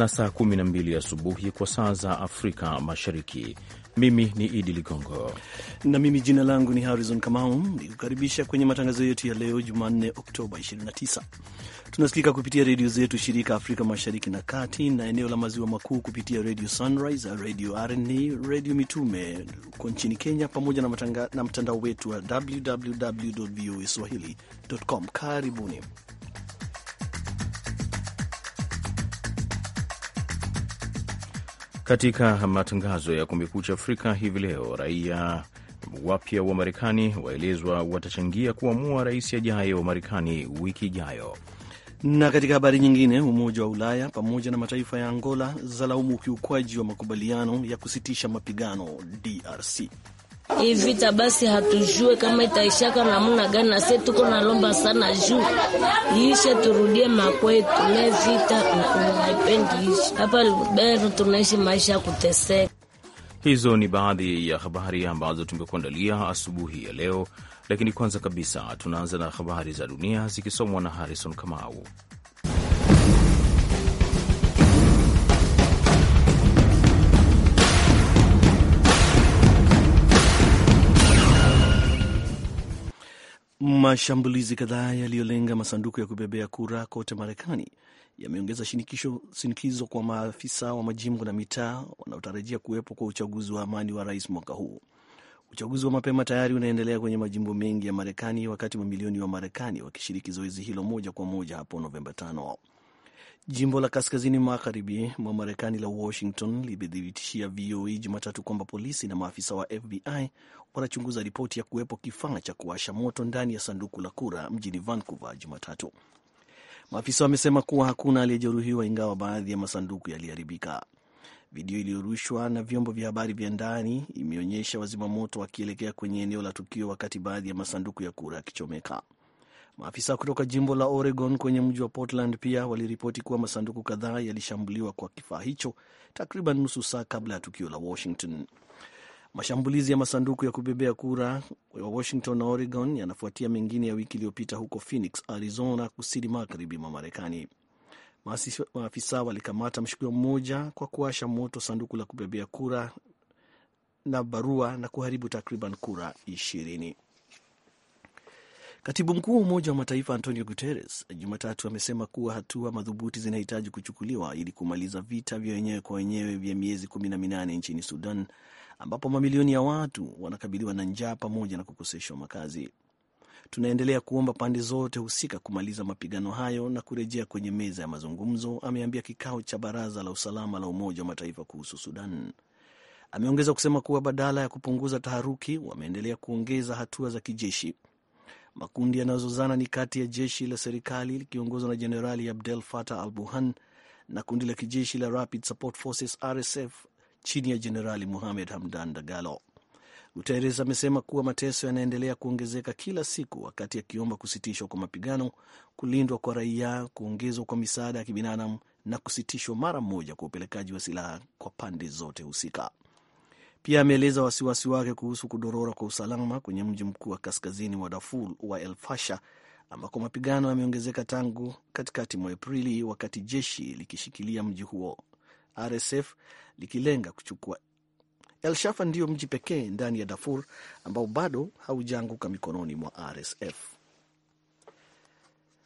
na saa 12 asubuhi kwa saa za Afrika Mashariki. Mimi ni Idi Ligongo na mimi jina langu ni Harrison Kamau, nikukaribisha kwenye matangazo yetu ya leo Jumanne, Oktoba 29. Tunasikika kupitia redio zetu shirika Afrika Mashariki na Kati na eneo la Maziwa Makuu kupitia Radio Sunrise, Radio RNA, Radio Mitume huko nchini Kenya, pamoja na mtandao wetu wa www voa swahili.com. Karibuni. Katika matangazo ya Kumekucha Afrika hivi leo, raia wapya wa Marekani waelezwa watachangia kuamua rais ajaye wa Marekani wiki ijayo. Na katika habari nyingine, Umoja wa Ulaya pamoja na mataifa ya Angola zalaumu ukiukwaji wa makubaliano ya kusitisha mapigano DRC. Hii vita basi hatujue kama itaishaka namna gani, nasi tuko lomba sana juu iishe, turudie makwetu. Ne vita naipendi ishi hapa Lubero, tunaishi maisha ya kuteseka. Hizo ni baadhi ya habari ambazo tumekuandalia asubuhi ya leo, lakini kwanza kabisa tunaanza na habari za dunia zikisomwa na Harrison Kamau. Mashambulizi kadhaa yaliyolenga masanduku ya kubebea kura kote Marekani yameongeza shinikizo kwa maafisa wa majimbo na mitaa wanaotarajia kuwepo kwa uchaguzi wa amani wa rais mwaka huu. Uchaguzi wa mapema tayari unaendelea kwenye majimbo mengi ya Marekani, wakati mamilioni wa Marekani wakishiriki zoezi hilo moja kwa moja hapo Novemba tano. Jimbo la kaskazini magharibi mwa Marekani la Washington limethibitishia VOA e Jumatatu kwamba polisi na maafisa wa FBI wanachunguza ripoti ya kuwepo kifaa cha kuwasha moto ndani ya sanduku la kura mjini Vancouver Jumatatu. Maafisa wamesema kuwa hakuna aliyejeruhiwa ingawa baadhi ya masanduku yaliharibika. Video iliyorushwa na vyombo vya habari vya ndani imeonyesha wazimamoto wakielekea kwenye eneo la tukio, wakati baadhi ya masanduku ya kura yakichomeka. Maafisa kutoka jimbo la Oregon kwenye mji wa Portland pia waliripoti kuwa masanduku kadhaa yalishambuliwa kwa kifaa hicho takriban nusu saa kabla ya tukio la Washington. Mashambulizi ya masanduku ya kubebea kura wa Washington na Oregon yanafuatia mengine ya wiki iliyopita huko Phoenix, Arizona, kusini magharibi mwa Marekani. Maafisa walikamata mshukiwa mmoja kwa kuasha moto sanduku la kubebea kura na barua na kuharibu takriban kura ishirini. Katibu mkuu wa Umoja wa Mataifa Antonio Guterres Jumatatu amesema kuwa hatua madhubuti zinahitaji kuchukuliwa ili kumaliza vita vya wenyewe kwa wenyewe vya miezi kumi na minane nchini Sudan, ambapo mamilioni ya watu wanakabiliwa na njaa pamoja na kukoseshwa makazi. Tunaendelea kuomba pande zote husika kumaliza mapigano hayo na kurejea kwenye meza ya mazungumzo, ameambia kikao cha Baraza la Usalama la Umoja wa Mataifa kuhusu Sudan. Ameongeza kusema kuwa badala ya kupunguza taharuki, wameendelea kuongeza hatua za kijeshi Makundi yanayozozana ni kati ya jeshi la serikali likiongozwa na Jenerali Abdel Fattah al Burhan na kundi la kijeshi la Rapid Support Forces RSF chini ya Jenerali Muhamed Hamdan Dagalo. guteres amesema kuwa mateso yanaendelea kuongezeka kila siku, wakati akiomba kusitishwa kwa mapigano, kulindwa kwa raia, kuongezwa kwa misaada ya kibinadamu na kusitishwa mara moja kwa upelekaji wa silaha kwa pande zote husika. Pia ameeleza wasiwasi wake kuhusu kudorora kwa usalama kwenye mji mkuu wa kaskazini wa Darfur wa El Fasha, ambako mapigano yameongezeka tangu katikati mwa Aprili wakati jeshi likishikilia mji huo, RSF likilenga kuchukua El Shafa. Ndiyo mji pekee ndani ya Darfur ambao bado haujaanguka mikononi mwa RSF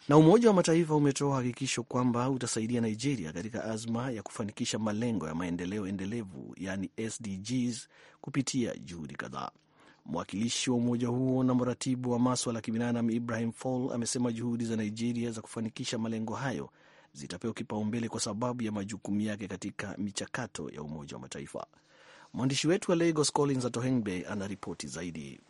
na Umoja wa Mataifa umetoa hakikisho kwamba utasaidia Nigeria katika azma ya kufanikisha malengo ya maendeleo endelevu yani SDGs kupitia juhudi kadhaa. Mwakilishi wa umoja huo na mratibu wa maswala ya kibinadamu Ibrahim Fall amesema juhudi za Nigeria za kufanikisha malengo hayo zitapewa kipaumbele kwa sababu ya majukumu yake katika michakato ya Umoja wa Mataifa. Mwandishi wetu wa Lagos Collins Atohengbe anaripoti zaidi.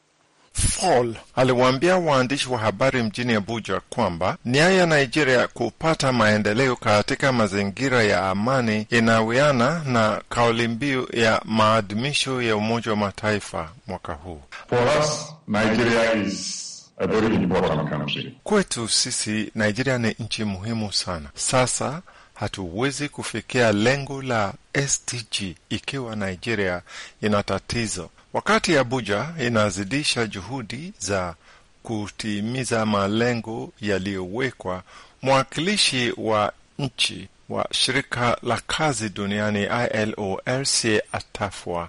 Fall aliwaambia waandishi wa habari mjini Abuja kwamba nia ya Nigeria kupata maendeleo katika mazingira ya amani inawiana na kauli mbiu ya maadhimisho ya Umoja wa Mataifa mwaka huu. For us, Nigeria is A very important country. Kwetu sisi Nigeria ni nchi muhimu sana. Sasa hatuwezi kufikia lengo la SDG ikiwa Nigeria ina tatizo Wakati Abuja inazidisha juhudi za kutimiza malengo yaliyowekwa, mwakilishi wa nchi wa shirika la kazi duniani ILO, Elsie Atafwa,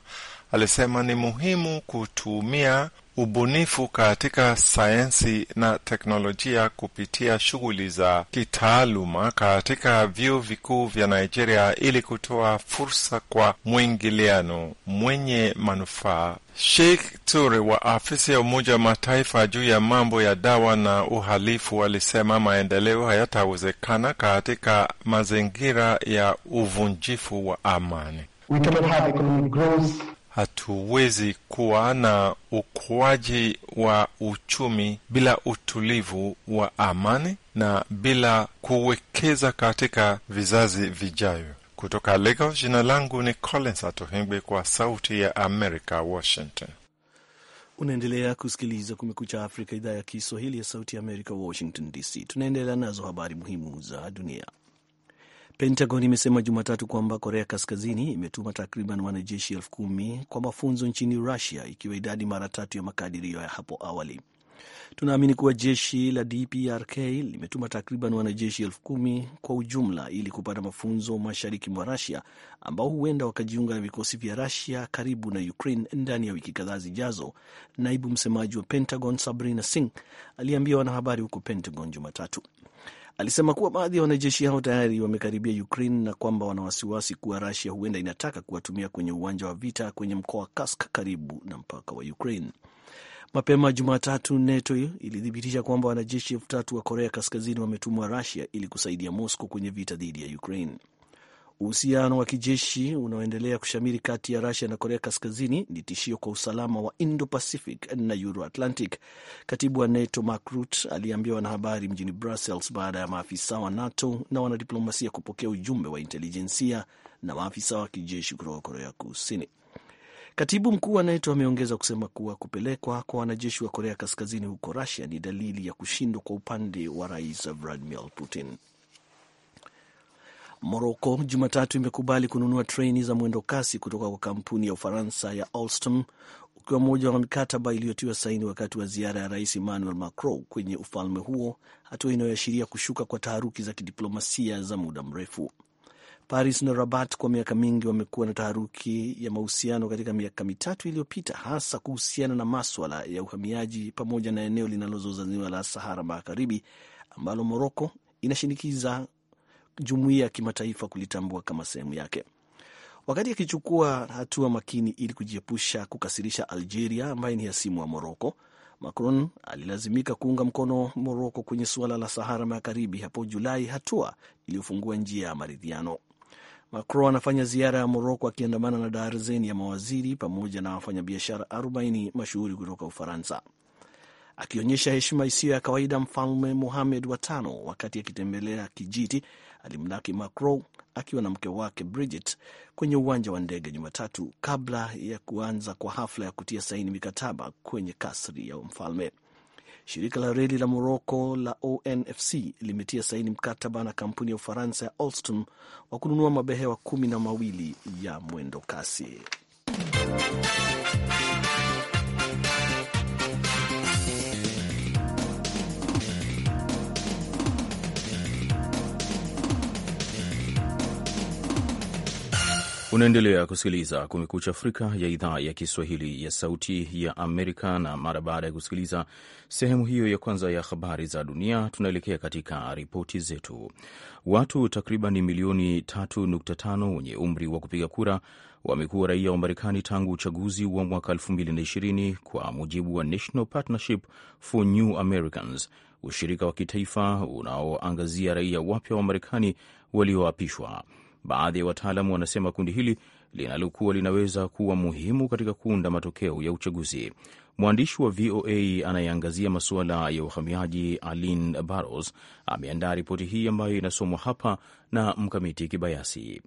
alisema ni muhimu kutumia ubunifu katika sayansi na teknolojia kupitia shughuli za kitaaluma katika vyuo vikuu vya Nigeria ili kutoa fursa kwa mwingiliano mwenye manufaa. Sheikh Ture wa afisi ya Umoja wa Mataifa juu ya mambo ya dawa na uhalifu alisema maendeleo hayatawezekana katika mazingira ya uvunjifu wa amani. We cannot have economic growth Hatuwezi kuwa na ukuaji wa uchumi bila utulivu wa amani na bila kuwekeza katika vizazi vijayo Kutoka Lagos, jina langu ni Collins Atohengwe kwa Sauti ya Amerika, Washington. Unaendelea kusikiliza Kumekucha Afrika, idhaa ya Kiswahili ya Sauti ya Amerika, Washington DC. Tunaendelea nazo habari muhimu za dunia. Pentagon imesema Jumatatu kwamba Korea Kaskazini imetuma takriban wanajeshi elfu kumi kwa mafunzo nchini Rusia, ikiwa idadi mara tatu ya makadirio ya hapo awali. Tunaamini kuwa jeshi la DPRK limetuma takriban wanajeshi elfu kumi kwa ujumla ili kupata mafunzo mashariki mwa Rusia, ambao huenda wakajiunga na vikosi vya Rusia karibu na Ukraine ndani ya wiki kadhaa zijazo, naibu msemaji wa Pentagon Sabrina Singh aliambia wanahabari huko Pentagon Jumatatu alisema kuwa baadhi ya wanajeshi hao tayari wamekaribia Ukraine na kwamba wana wasiwasi kuwa Russia huenda inataka kuwatumia kwenye uwanja wa vita kwenye mkoa wa Kursk karibu na mpaka wa Ukraine. Mapema Jumatatu, NATO ilithibitisha kwamba wanajeshi elfu tatu wa Korea Kaskazini wametumwa Russia ili kusaidia Moscow kwenye vita dhidi ya Ukraine. Uhusiano wa kijeshi unaoendelea kushamiri kati ya Rusia na Korea Kaskazini ni tishio kwa usalama wa Indo-Pacific na Euro-Atlantic, katibu wa NATO Mark Rutte aliambia wanahabari mjini Brussels baada ya maafisa wa NATO na wanadiplomasia kupokea ujumbe wa intelijensia na maafisa wa kijeshi kutoka Korea Kusini. Katibu mkuu wa NATO ameongeza kusema kuwa kupelekwa kwa wanajeshi wa Korea Kaskazini huko Rusia ni dalili ya kushindwa kwa upande wa Rais Vladimir Putin. Moroko Jumatatu imekubali kununua treni za mwendo kasi kutoka kwa kampuni ya Ufaransa ya Alstom, ukiwa mmoja wa mikataba iliyotiwa saini wakati wa ziara ya Rais Emmanuel Macron kwenye ufalme huo, hatua inayoashiria kushuka kwa taharuki za kidiplomasia za muda mrefu. Paris na Rabat kwa miaka mingi wamekuwa na taharuki ya mahusiano katika miaka mitatu iliyopita, hasa kuhusiana na maswala ya uhamiaji pamoja na eneo linalozozaniwa la Sahara Magharibi ambalo Moroko inashinikiza jumuiya ya kimataifa kulitambua kama sehemu yake. Wakati akichukua hatua makini ili kujiepusha kukasirisha Algeria ambaye ni hasimu wa Moroko, Macron alilazimika kuunga mkono Moroko kwenye suala la Sahara Magharibi hapo Julai, hatua iliyofungua njia ya maridhiano. Macron anafanya ziara ya Moroko akiandamana na darzeni ya mawaziri pamoja na wafanyabiashara 40 mashuhuri kutoka Ufaransa, akionyesha heshima isiyo ya kawaida Mfalme Mohamed wa Tano wakati akitembelea kijiti alimlaki Macron akiwa na mke wake Bridget kwenye uwanja wa ndege Jumatatu kabla ya kuanza kwa hafla ya kutia saini mikataba kwenye kasri ya mfalme. Shirika la reli la Moroko la ONFC limetia saini mkataba na kampuni ya Ufaransa ya Alstom wa kununua mabehewa kumi na mawili ya mwendo kasi. Unaendelea kusikiliza Kumekucha Afrika ya idhaa ya Kiswahili ya Sauti ya Amerika, na mara baada ya kusikiliza sehemu hiyo ya kwanza ya habari za dunia, tunaelekea katika ripoti zetu. Watu takriban milioni 3.5 wenye umri wa kupiga kura wamekuwa raia wa Marekani tangu uchaguzi wa mwaka 2020 kwa mujibu wa National Partnership for New Americans, ushirika wa kitaifa unaoangazia raia wapya wa Marekani walioapishwa wa Baadhi ya wataalamu wanasema kundi hili linalokuwa linaweza kuwa muhimu katika kuunda matokeo ya uchaguzi. Mwandishi wa VOA anayeangazia masuala ya uhamiaji alin Barros ameandaa ripoti hii ambayo inasomwa hapa na Mkamiti Kibayasi.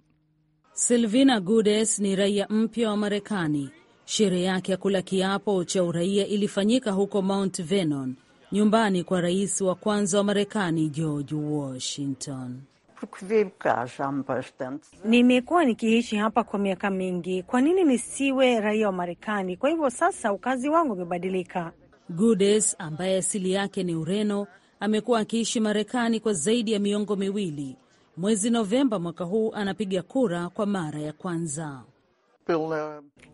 Silvina Gudes ni raia mpya wa Marekani. Sherehe yake ya kula kiapo cha uraia ilifanyika huko Mount Vernon, nyumbani kwa rais wa kwanza wa Marekani George Washington. Nimekuwa nikiishi hapa kwa miaka mingi, kwa nini nisiwe raia wa Marekani? Kwa hivyo sasa ukazi wangu umebadilika. Gudes ambaye asili yake ni Ureno amekuwa akiishi Marekani kwa zaidi ya miongo miwili. Mwezi Novemba mwaka huu anapiga kura kwa mara ya kwanza. Uh,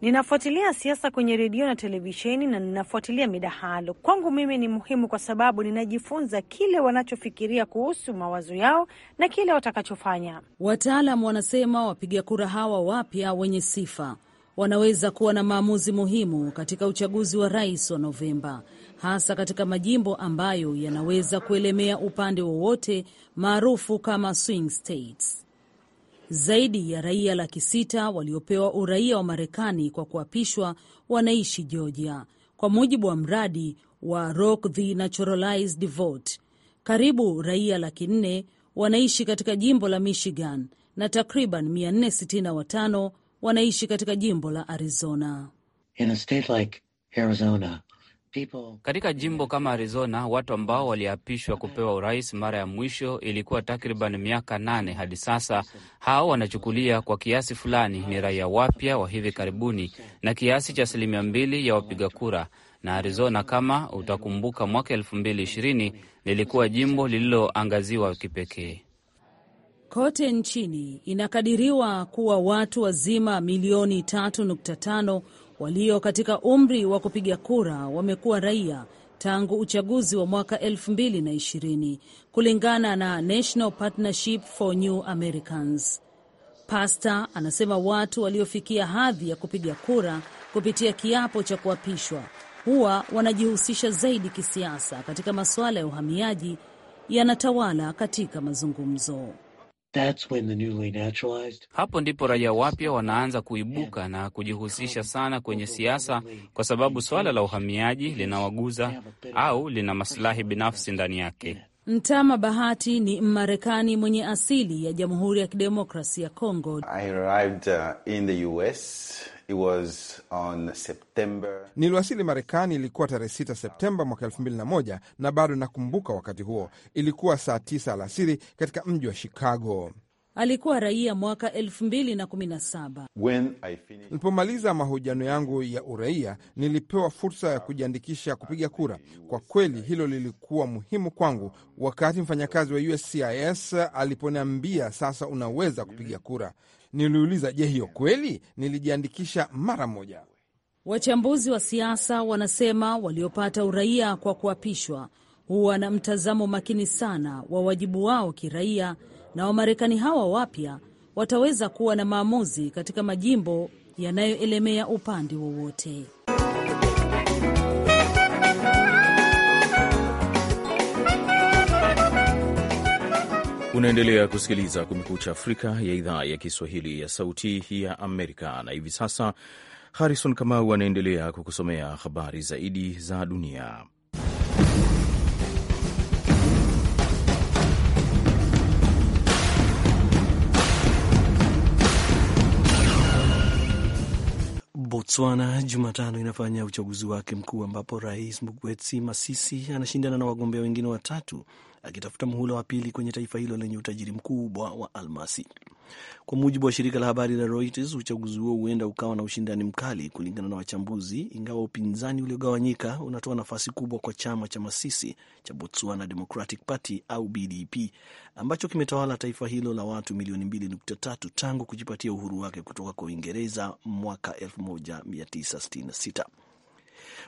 ninafuatilia siasa kwenye redio na televisheni na ninafuatilia midahalo. Kwangu mimi ni muhimu kwa sababu ninajifunza kile wanachofikiria kuhusu mawazo yao na kile watakachofanya. Wataalam wanasema wapiga kura hawa wapya wenye sifa wanaweza kuwa na maamuzi muhimu katika uchaguzi wa rais wa Novemba, hasa katika majimbo ambayo yanaweza kuelemea upande wowote maarufu kama swing states. Zaidi ya raia laki sita waliopewa uraia wa Marekani kwa kuapishwa wanaishi Georgia, kwa mujibu wa mradi wa Rock the Naturalized Vote. Karibu raia laki nne wanaishi katika jimbo la Michigan na takriban 465 wanaishi katika jimbo la Arizona. In a state like Arizona, katika jimbo kama Arizona, watu ambao waliapishwa kupewa urais mara ya mwisho ilikuwa takriban miaka nane hadi sasa, hao wanachukulia kwa kiasi fulani ni raia wapya wa hivi karibuni, na kiasi cha asilimia mbili ya wapiga kura na Arizona kama utakumbuka, mwaka elfu mbili ishirini lilikuwa jimbo lililoangaziwa kipekee kote nchini. Inakadiriwa kuwa watu wazima milioni tano walio katika umri wa kupiga kura wamekuwa raia tangu uchaguzi wa mwaka 2020 kulingana na National Partnership for New Americans. Pasta anasema watu waliofikia hadhi ya kupiga kura kupitia kiapo cha kuapishwa huwa wanajihusisha zaidi kisiasa katika masuala ya uhamiaji yanatawala katika mazungumzo. That's when the newly naturalized... Hapo ndipo raia wapya wanaanza kuibuka na kujihusisha sana kwenye siasa, kwa sababu suala la uhamiaji linawaguza au lina masilahi binafsi ndani yake. Mtama Bahati ni Mmarekani mwenye asili ya Jamhuri ya Kidemokrasi ya Kongo. I arrived, uh, in the US. Niliwasili Marekani, ilikuwa tarehe 6 Septemba mwaka 2001 na bado nakumbuka wakati huo. Ilikuwa saa 9 alasiri katika mji wa Chicago. Alikuwa raia mwaka 2017. Nilipomaliza mahojiano yangu ya uraia, nilipewa fursa ya kujiandikisha kupiga kura. Kwa kweli hilo lilikuwa muhimu kwangu, wakati mfanyakazi wa USCIS aliponiambia sasa unaweza kupiga kura. Niliuliza, je, hiyo kweli? Nilijiandikisha mara moja. Wachambuzi wa siasa wanasema waliopata uraia kwa kuapishwa huwa na mtazamo makini sana wa wajibu wao kiraia, na Wamarekani hawa wapya wataweza kuwa na maamuzi katika majimbo yanayoelemea upande wowote. Unaendelea kusikiliza Kumekucha Afrika ya idhaa ya Kiswahili ya Sauti ya Amerika, na hivi sasa Harrison Kamau anaendelea kukusomea habari zaidi za dunia. Botswana Jumatano inafanya uchaguzi wake mkuu ambapo rais Mokgweetsi Masisi anashindana na wagombea wengine watatu akitafuta muhula wa pili kwenye taifa hilo lenye utajiri mkubwa wa almasi. Kwa mujibu wa shirika la habari la Reuters, uchaguzi huo huenda ukawa na ushindani mkali kulingana na wachambuzi, ingawa upinzani uliogawanyika unatoa nafasi kubwa kwa chama cha Masisi cha Botswana Democratic Party au BDP ambacho kimetawala taifa hilo la watu milioni 2.3 tangu kujipatia uhuru wake kutoka kwa Uingereza mwaka 1966.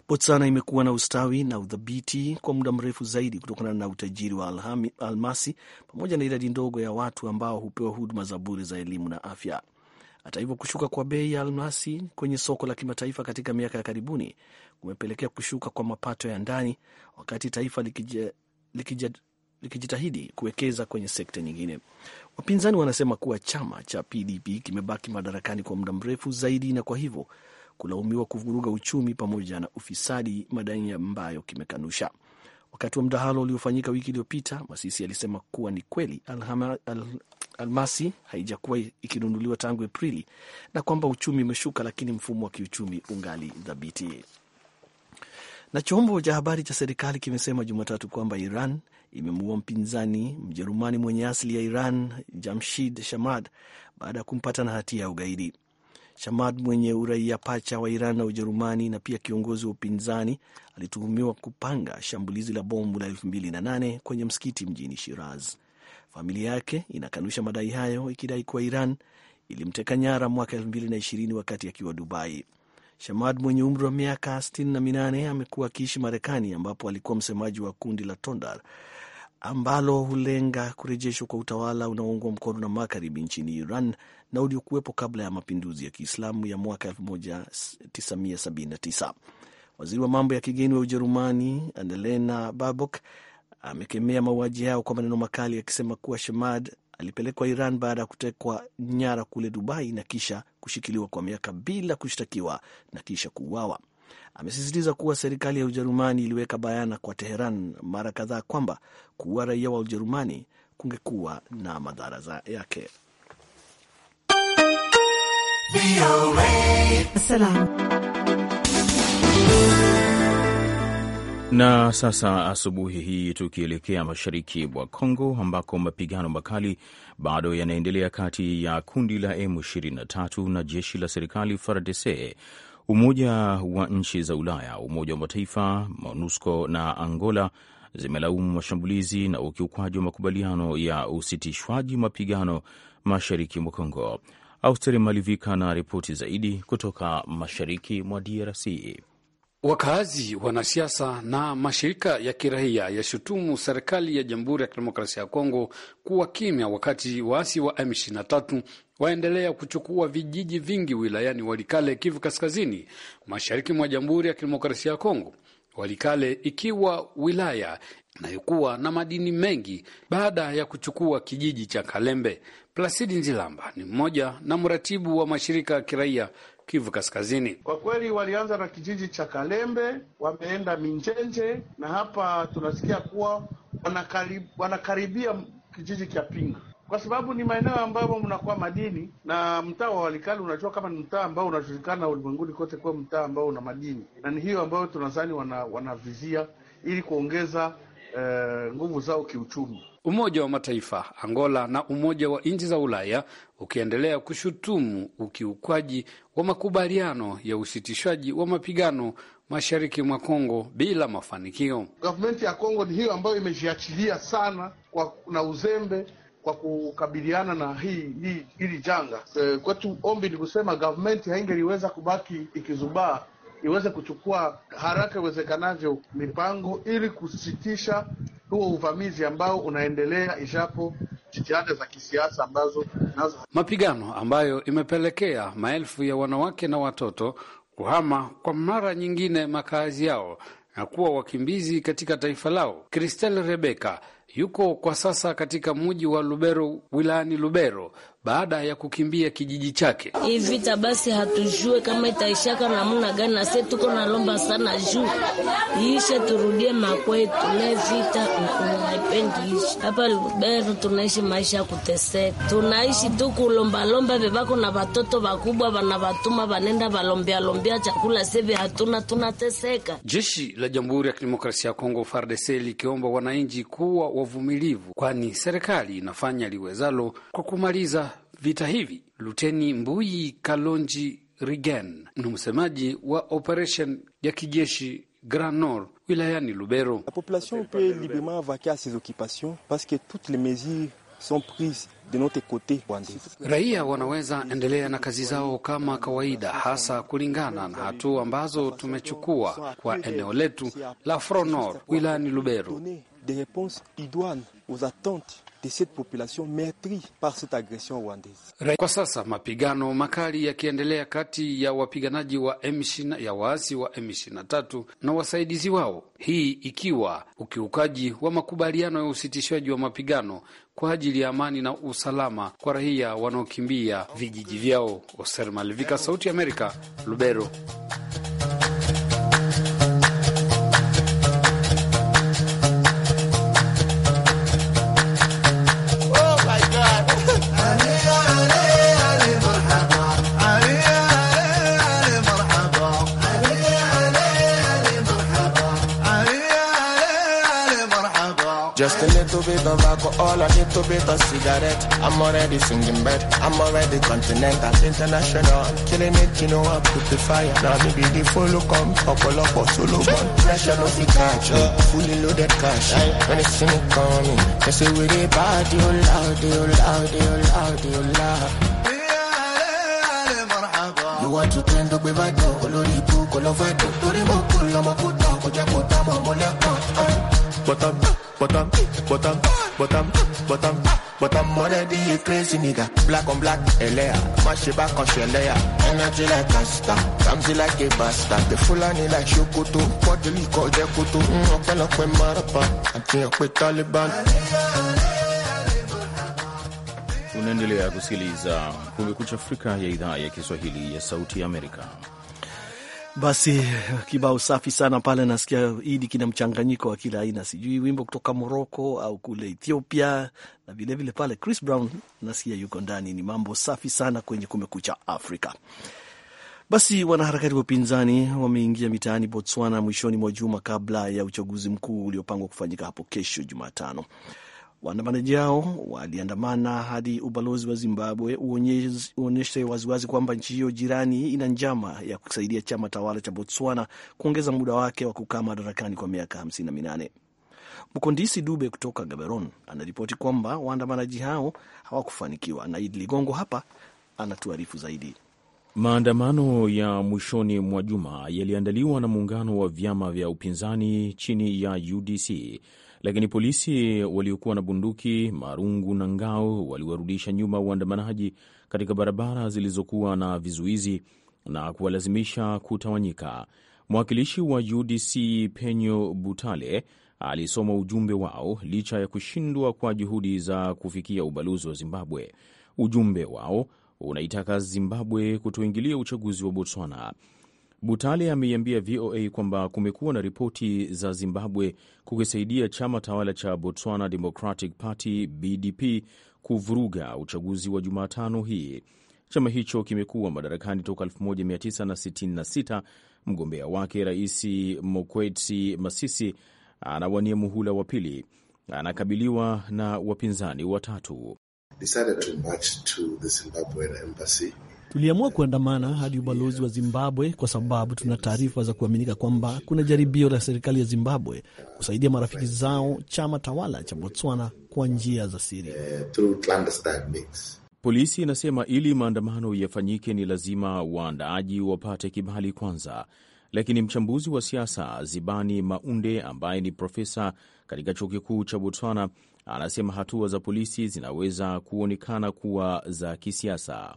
Botswana imekuwa na ustawi na udhabiti kwa muda mrefu zaidi kutokana na utajiri wa alhami, almasi pamoja na idadi ndogo ya watu ambao hupewa huduma za bure za elimu na afya. Hata hivyo, kushuka kwa bei ya almasi kwenye soko la kimataifa katika miaka ya karibuni kumepelekea kushuka kwa mapato ya ndani, wakati taifa likija, likija, likijitahidi kuwekeza kwenye sekta nyingine. Wapinzani wanasema kuwa chama cha PDP kimebaki madarakani kwa muda mrefu zaidi na kwa hivyo kulaumiwa kuvuruga uchumi pamoja na ufisadi, madai ambayo kimekanusha. Wakati wa mdahalo uliofanyika wiki iliyopita, Masisi alisema kuwa ni kweli alhama, al, almasi haijakuwa ikinunuliwa tangu Aprili na kwamba uchumi umeshuka, lakini mfumo wa kiuchumi ungali dhabiti. Na chombo cha habari cha serikali kimesema Jumatatu kwamba Iran imemuua mpinzani Mjerumani mwenye asili ya Iran Jamshid Shamad baada ya kumpata na hatia ya ugaidi. Shamad mwenye uraia pacha wa Iran na Ujerumani na pia kiongozi wa upinzani alituhumiwa kupanga shambulizi la bombu la 2008 kwenye msikiti mjini Shiraz. Familia yake inakanusha madai hayo ikidai kuwa Iran ilimteka nyara mwaka 2020 wakati akiwa Dubai. Shamad mwenye umri wa miaka 68 amekuwa akiishi Marekani ambapo alikuwa msemaji wa kundi la Tondar ambalo hulenga kurejeshwa kwa utawala unaoungwa mkono na magharibi nchini Iran na uliokuwepo kabla ya mapinduzi ya Kiislamu ya mwaka 1979. Waziri wa mambo ya kigeni wa Ujerumani Annalena Baerbock amekemea mauaji yao kwa maneno makali, akisema kuwa Shemad alipelekwa Iran baada ya kutekwa nyara kule Dubai na kisha kushikiliwa kwa miaka bila kushtakiwa na kisha kuuawa. Amesisitiza kuwa serikali ya Ujerumani iliweka bayana kwa Teheran mara kadhaa kwamba kuua raia wa Ujerumani kungekuwa na madhara yake. Na sasa asubuhi hii tukielekea mashariki mwa Kongo ambako mapigano makali bado yanaendelea kati ya kundi la M23 na jeshi la serikali FARDC Umoja wa nchi za Ulaya, Umoja wa Mataifa, MONUSCO na Angola zimelaumu mashambulizi na ukiukwaji wa makubaliano ya usitishwaji mapigano mashariki mwa Kongo. Austeri Malivika na ripoti zaidi kutoka mashariki mwa DRC. Wakaazi, wanasiasa na mashirika ya kiraia yashutumu serikali ya Jamhuri ya Kidemokrasia ya Kongo kuwa kimya wakati waasi wa M23 waendelea kuchukua vijiji vingi wilayani Walikale, Kivu Kaskazini, mashariki mwa Jamhuri ya Kidemokrasia ya Kongo. Walikale ikiwa wilaya inayokuwa na madini mengi baada ya kuchukua kijiji cha Kalembe. Plasidi Nzilamba ni mmoja na mratibu wa mashirika ya kiraia Kivu Kaskazini. Kwa kweli walianza na kijiji cha Kalembe, wameenda Minjenje na hapa tunasikia kuwa wanakaribia, wanakaribia kijiji cha Pinga kwa sababu ni maeneo ambayo mnakuwa madini na mtaa wa Walikali, unajua kama ni mtaa ambao unajulikana ulimwenguni kote kuwa mtaa ambao una madini, na ni hiyo ambayo tunadhani wanavizia wana ili kuongeza eh, nguvu zao kiuchumi. Umoja wa Mataifa, Angola na Umoja wa Nchi za Ulaya ukiendelea kushutumu ukiukwaji wa makubaliano ya usitishaji wa mapigano mashariki mwa Kongo bila mafanikio. Gavumenti ya Kongo ni hiyo ambayo imejiachilia sana kwa na uzembe kwa kukabiliana na hii hii hili janga. E, kwetu ombi ni kusema gavumenti haingeliweza kubaki ikizubaa iweze kuchukua haraka iwezekanavyo mipango ili kusitisha huo uvamizi ambao unaendelea ijapo jitihada za kisiasa ambazo nazo. Mapigano ambayo imepelekea maelfu ya wanawake na watoto kuhama kwa mara nyingine makazi yao na kuwa wakimbizi katika taifa lao. cristel rebeca Yuko kwa sasa katika mji wa Lubero wilayani Lubero baada ya kukimbia kijiji chake. Hii vita basi hatujue kama itaishaka namna gani, nase tuko nalomba sana juu iishe, turudie makwetu. Le vita naipendi ishi hapa Lubero, tunaishi maisha ya kuteseka, tunaishi tu kulombalomba. Vevako na vatoto vakubwa vanavatuma vanenda valombealombea chakula, sevi hatuna, tunateseka. Jeshi la Jamhuri ya Kidemokrasia ya Kongo FARDC likiomba wananchi kuwa wavumilivu, kwani serikali inafanya liwezalo kwa kumaliza vita hivi. Luteni Mbuyi Kalonji Rigen ni msemaji wa operesheni ya kijeshi Grand Nord wilayani Lubero. La population peut librement vaquer à ses occupations parce que toutes les mesures sont prises de notre Raia wanaweza endelea na kazi zao kama kawaida, hasa kulingana na hatua ambazo tumechukua kwa eneo letu la Front Nord wilayani Lubero des réponses idoines aux attentes de cette population meurtrie par cette agression rwandaise. Kwa sasa mapigano makali yakiendelea kati ya wapiganaji wa M23 ya waasi wa M23 na wasaidizi wao, hii ikiwa ukiukaji wa makubaliano ya usitishaji wa mapigano kwa ajili ya amani na usalama kwa raia wanaokimbia vijiji vyao. Oser Malvika, Sauti ya Amerika, Lubero. of alcohol, I need to bit a cigarette. I'm already singing bed, I'm already continental, international. I'm killing it, you know i put the fire. Now me be the full come, couple up or solo one. Pressure no fi catch, uh, fully loaded cash. When they see me coming, they say we the party, oh loud, oh oh oh You loud, oh loud, oh loud. ìwà tuntun ń dọ́gbé bá dán olórí ibú kò lọ́ fẹ́ dùn torí mo kú lọ́mọ kú tán kò jẹ́ kó dá mọ́ But I'm. Um, bottom, bottom, bottom, bottom, bottom. I'm, but a crazy nigga. Black on black, Elea, mash it back on Shelea. Energy like a star, Ramsey like a bastard. The Fulani like Shokoto, Kodili called Ekoto. Mm, I'm fell up Marapa, I think with Taliban. Unaendelea kusikiliza Kumekucha Afrika ya idhaa ya Kiswahili ya Sauti ya Amerika. Basi kibao safi sana pale, nasikia Idi kina mchanganyiko wa kila aina, sijui wimbo kutoka Moroko au kule Ethiopia na vilevile pale Chris Brown nasikia yuko ndani. Ni mambo safi sana kwenye Kumekucha Afrika. Basi wanaharakati wa upinzani wameingia mitaani Botswana mwishoni mwa juma kabla ya uchaguzi mkuu uliopangwa kufanyika hapo kesho Jumatano. Waandamanaji hao waliandamana hadi ubalozi wa Zimbabwe uonyeshe waziwazi kwamba nchi hiyo jirani ina njama ya kusaidia chama tawala cha Botswana kuongeza muda wake wa kukaa madarakani kwa miaka hamsini na minane. Mkondisi Dube kutoka Gaborone anaripoti kwamba waandamanaji hao hawakufanikiwa, na Idi Ligongo hapa anatuarifu zaidi. Maandamano ya mwishoni mwa juma yaliandaliwa na muungano wa vyama vya upinzani chini ya UDC lakini polisi waliokuwa na bunduki, marungu na ngao waliwarudisha nyuma waandamanaji katika barabara zilizokuwa na vizuizi na kuwalazimisha kutawanyika. Mwakilishi wa UDC Penyo Butale alisoma ujumbe wao licha ya kushindwa kwa juhudi za kufikia ubalozi wa Zimbabwe. Ujumbe wao unaitaka Zimbabwe kutoingilia uchaguzi wa Botswana. Butale ameiambia VOA kwamba kumekuwa na ripoti za Zimbabwe kukisaidia chama tawala cha Botswana Democratic Party BDP kuvuruga uchaguzi wa Jumatano hii. Chama hicho kimekuwa madarakani toka 1966. Mgombea wake Rais Mokwetsi Masisi anawania muhula wa pili, anakabiliwa na wapinzani watatu. Tuliamua kuandamana hadi ubalozi wa Zimbabwe kwa sababu tuna taarifa za kuaminika kwamba kuna jaribio la serikali ya Zimbabwe kusaidia marafiki zao chama tawala cha Botswana kwa njia za siri. Eh, Polisi inasema ili maandamano yafanyike ni lazima waandaaji wapate kibali kwanza, lakini mchambuzi wa siasa Zibani Maunde ambaye ni profesa katika chuo kikuu cha Botswana anasema hatua za polisi zinaweza kuonekana kuwa za kisiasa.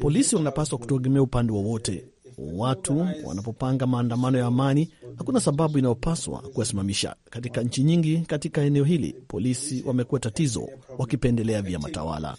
Polisi wanapaswa kutoegemea upande wowote. Watu wanapopanga maandamano ya amani, hakuna sababu inayopaswa kuwasimamisha. Katika nchi nyingi katika eneo hili, polisi wamekuwa tatizo, wakipendelea vyama tawala.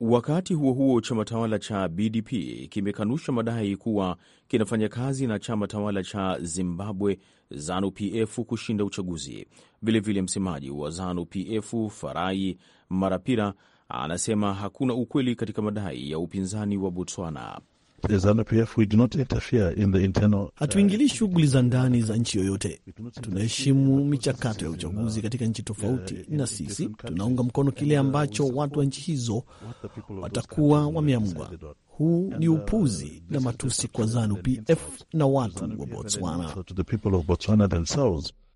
Wakati huo huo, chama tawala cha BDP kimekanusha madai kuwa kinafanya kazi na chama tawala cha Zimbabwe ZANU-PF kushinda uchaguzi. Vilevile, msemaji wa ZANU-PF Farai Marapira anasema hakuna ukweli katika madai ya upinzani wa Botswana. Uh, Hatuingilii shughuli za ndani za nchi yoyote. Tunaheshimu michakato ya uchaguzi katika nchi tofauti, uh, na sisi tunaunga mkono kile uh, ambacho watu wa nchi hizo watakuwa wameamua. Huu ni upuzi na matusi kwa ZANU-PF na watu wa Botswana.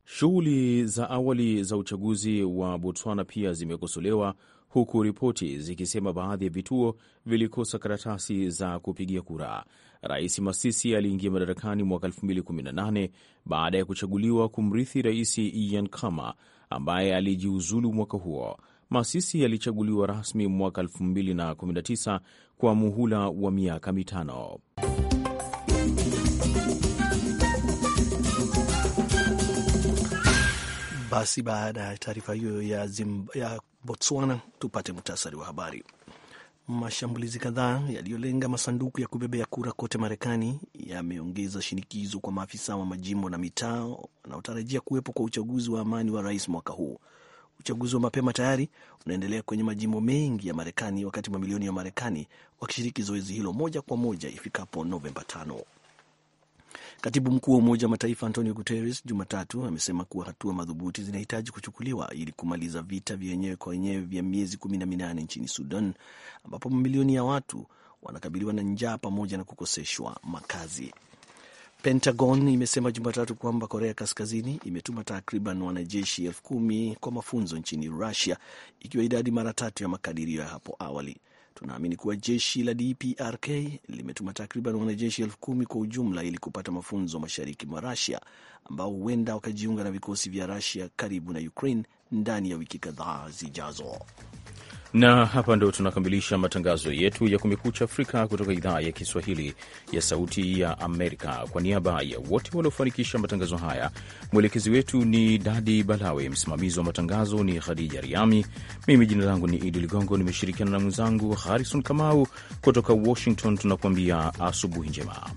Shughuli za awali za uchaguzi wa Botswana pia zimekosolewa huku ripoti zikisema baadhi ya vituo vilikosa karatasi za kupigia kura. Rais Masisi aliingia madarakani mwaka 2018 baada ya kuchaguliwa kumrithi Rais Ian Khama ambaye alijiuzulu mwaka huo. Masisi alichaguliwa rasmi mwaka 2019 kwa muhula wa miaka mitano. Basi baada ya taarifa hiyo ya, ya Botswana, tupate muhtasari wa habari. Mashambulizi kadhaa yaliyolenga masanduku ya kubebea kura kote Marekani yameongeza shinikizo kwa maafisa wa majimbo na mitaa wanaotarajia kuwepo kwa uchaguzi wa amani wa rais mwaka huu. Uchaguzi wa mapema tayari unaendelea kwenye majimbo mengi ya Marekani, wakati mamilioni ya Marekani wakishiriki zoezi hilo moja kwa moja ifikapo Novemba tano. Katibu mkuu wa Umoja wa Mataifa Antonio Guterres Jumatatu amesema kuwa hatua madhubuti zinahitaji kuchukuliwa ili kumaliza vita vya wenyewe kwa wenyewe vya miezi kumi na minane nchini Sudan, ambapo mamilioni ya watu wanakabiliwa na njaa pamoja na kukoseshwa makazi. Pentagon imesema Jumatatu kwamba Korea Kaskazini imetuma takriban wanajeshi elfu kumi kwa mafunzo nchini Rusia, ikiwa idadi mara tatu ya makadirio ya hapo awali. Tunaamini kuwa jeshi la DPRK limetuma takriban wanajeshi elfu kumi kwa ujumla ili kupata mafunzo mashariki mwa Rusia, ambao huenda wakajiunga na vikosi vya Rusia karibu na Ukraine ndani ya wiki kadhaa zijazo. Na hapa ndo tunakamilisha matangazo yetu ya Kumekucha Afrika kutoka idhaa ya Kiswahili ya Sauti ya Amerika. Kwa niaba ya wote waliofanikisha matangazo haya, mwelekezi wetu ni Dadi Balawe, msimamizi wa matangazo ni Khadija Riami, mimi jina langu ni Idi Ligongo, nimeshirikiana na mwenzangu Harrison Kamau kutoka Washington. Tunakuambia asubuhi njema.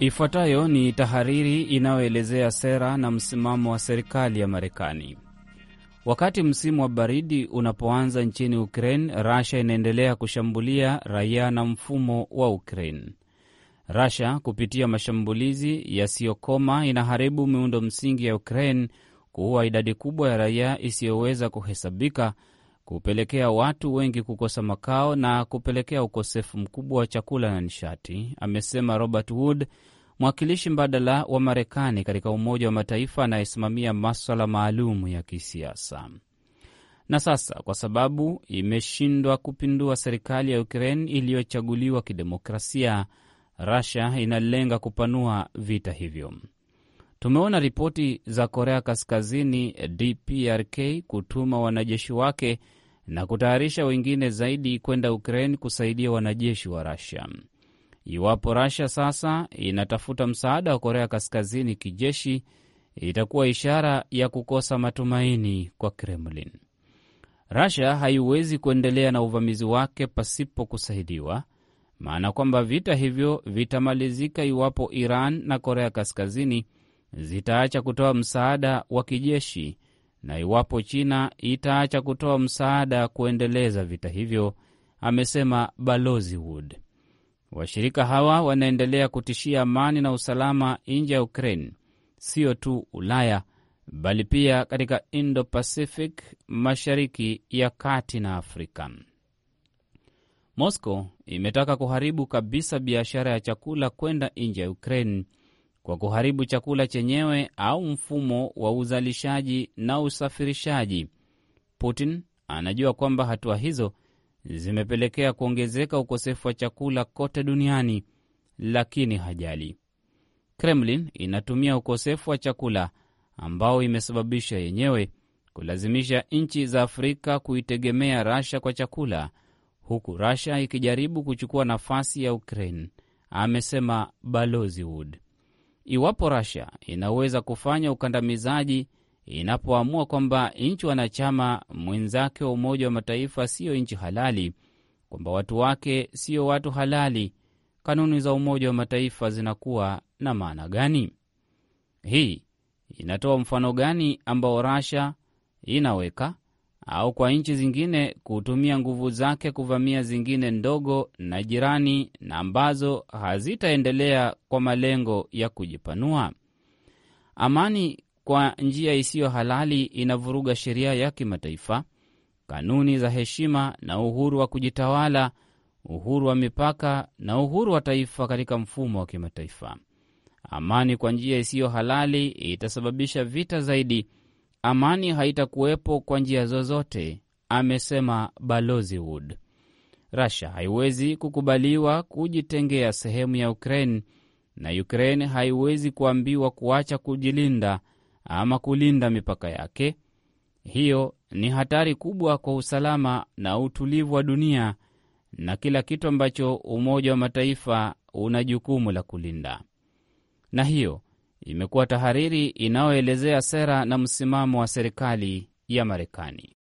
Ifuatayo ni tahariri inayoelezea sera na msimamo wa serikali ya Marekani. Wakati msimu wa baridi unapoanza nchini Ukraine, rasha inaendelea kushambulia raia na mfumo wa Ukraine. rasha kupitia mashambulizi yasiyokoma inaharibu miundo msingi ya Ukraine, kuua idadi kubwa ya raia isiyoweza kuhesabika kupelekea watu wengi kukosa makao na kupelekea ukosefu mkubwa wa chakula na nishati, amesema Robert Wood, mwakilishi mbadala wa Marekani katika Umoja wa Mataifa anayesimamia maswala maalum ya kisiasa. Na sasa kwa sababu imeshindwa kupindua serikali ya Ukraine iliyochaguliwa kidemokrasia, Russia inalenga kupanua vita hivyo. Tumeona ripoti za Korea Kaskazini DPRK kutuma wanajeshi wake na kutayarisha wengine zaidi kwenda Ukraine kusaidia wanajeshi wa rasia Iwapo rasia sasa inatafuta msaada wa Korea Kaskazini kijeshi, itakuwa ishara ya kukosa matumaini kwa Kremlin. Russia haiwezi kuendelea na uvamizi wake pasipo kusaidiwa, maana kwamba vita hivyo vitamalizika iwapo Iran na Korea Kaskazini zitaacha kutoa msaada wa kijeshi na iwapo China itaacha kutoa msaada kuendeleza vita hivyo, amesema Balozi Wood. Washirika hawa wanaendelea kutishia amani na usalama nje ya Ukraine, sio tu Ulaya bali pia katika Indo-Pacific, Mashariki ya Kati na Afrika. Moscow imetaka kuharibu kabisa biashara ya chakula kwenda nje ya Ukraine kwa kuharibu chakula chenyewe au mfumo wa uzalishaji na usafirishaji. Putin anajua kwamba hatua hizo zimepelekea kuongezeka ukosefu wa chakula kote duniani, lakini hajali. Kremlin inatumia ukosefu wa chakula ambao imesababisha yenyewe kulazimisha nchi za Afrika kuitegemea Rasha kwa chakula, huku Rasha ikijaribu kuchukua nafasi ya Ukraine, amesema Balozi Wood iwapo Russia inaweza kufanya ukandamizaji inapoamua kwamba nchi wanachama mwenzake wa Umoja wa Mataifa siyo nchi halali, kwamba watu wake sio watu halali, kanuni za Umoja wa Mataifa zinakuwa na maana gani? Hii inatoa mfano gani ambao Russia inaweka au kwa nchi zingine kutumia nguvu zake kuvamia zingine ndogo na jirani na ambazo hazitaendelea kwa malengo ya kujipanua. Amani kwa njia isiyo halali inavuruga sheria ya kimataifa, kanuni za heshima na uhuru wa kujitawala, uhuru wa mipaka na uhuru wa taifa katika mfumo wa kimataifa. Amani kwa njia isiyo halali itasababisha vita zaidi amani haitakuwepo kwa njia zozote, amesema balozi Wood. Rusia haiwezi kukubaliwa kujitengea sehemu ya Ukraine na Ukraine haiwezi kuambiwa kuacha kujilinda ama kulinda mipaka yake. Hiyo ni hatari kubwa kwa usalama na utulivu wa dunia na kila kitu ambacho Umoja wa Mataifa una jukumu la kulinda. Na hiyo imekuwa tahariri inayoelezea sera na msimamo wa serikali ya Marekani.